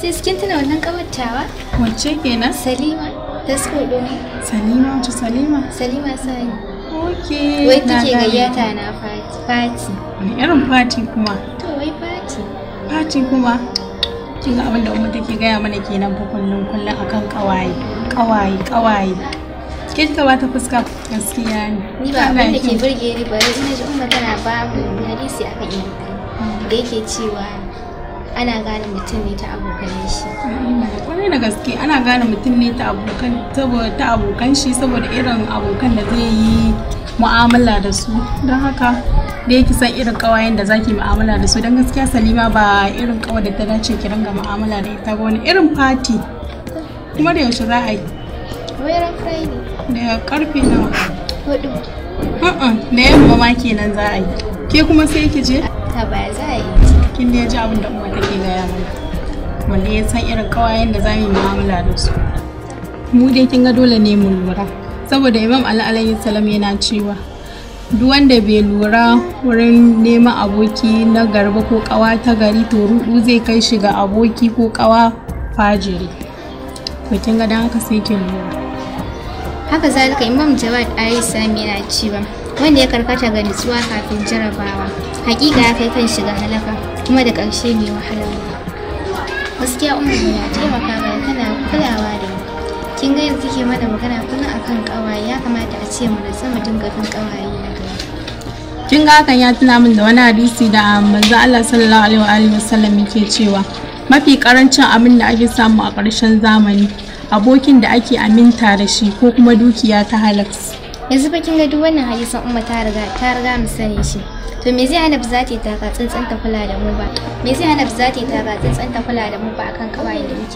Sai tana wannan kawattawa? Wacce kenan? Salima. Ta skodo ne. Salima wacce Salima? Salima Sani. Okay. Wai take gayyata na fati. Wani irin fati kuma? To wai fati. Fati kuma? Kin ga abin da umma take gaya mana kenan fa kullum kullum akan kawaye. Kawaye, kawaye. Kin ta fuska gaskiya ne. Ni ba abin da ke burge ni ba, ina ji umma tana ba mu hadisi akan iyakai. Da yake cewa ana gane mutum ne ta abokan shi kwarai da gaske ana gane mutum ne ta abokan ta abokan shi saboda irin abokan da zai yi mu'amala da su don haka da yake san irin kawayen da zaki mu'amala da su don gaskiya salima ba irin kawai da ta dace ki ringa mu'amala da ita ba wani irin fati kuma da yaushe za a yi kai ne. da karfe nawa hudu da yamma ma kenan za a yi ke kuma sai ki je ta baya za a yi kin da ya ji abin da umma take ga yaro? wanda ya san irin kawayen da za mu yi mu'amala da su mu dai kin ga dole ne mu lura saboda imam ali alayhi salam yana cewa duk wanda bai lura wurin neman aboki na garba ko kawa ta gari to rudu zai kai shi ga aboki ko kawa fajiri to kin ga dan haka sai kin lura haka zalika imam jawad sami yana cewa wanda ya karkata ga nutsuwa kafin jarabawa hakika ya kai kan shiga halaka kuma da ƙarshe mai wahalarwa gaskiya umar na taimaka mana tana kulawa da mu kin ga yanzu ke mana magana kullum akan ƙawaye ya kamata a ce mu da sama dinga bin ƙawaye na gari kin ga hakan ya tuna min da wani hadisi da ah, manzo Allah sallallahu alaihi wa alihi wasallam yake cewa mafi karancin abin da ake samu a ƙarshen zamani abokin da ake aminta da shi ko kuma dukiya ta halarci yanzu fa kin ga duk wannan hadisan umma ta riga ta riga mu sani shi to me zai hana ba za ta taka tsantsan ta kula da mu ba me zai ta tsantsan ta kula da mu ba akan kawai da muke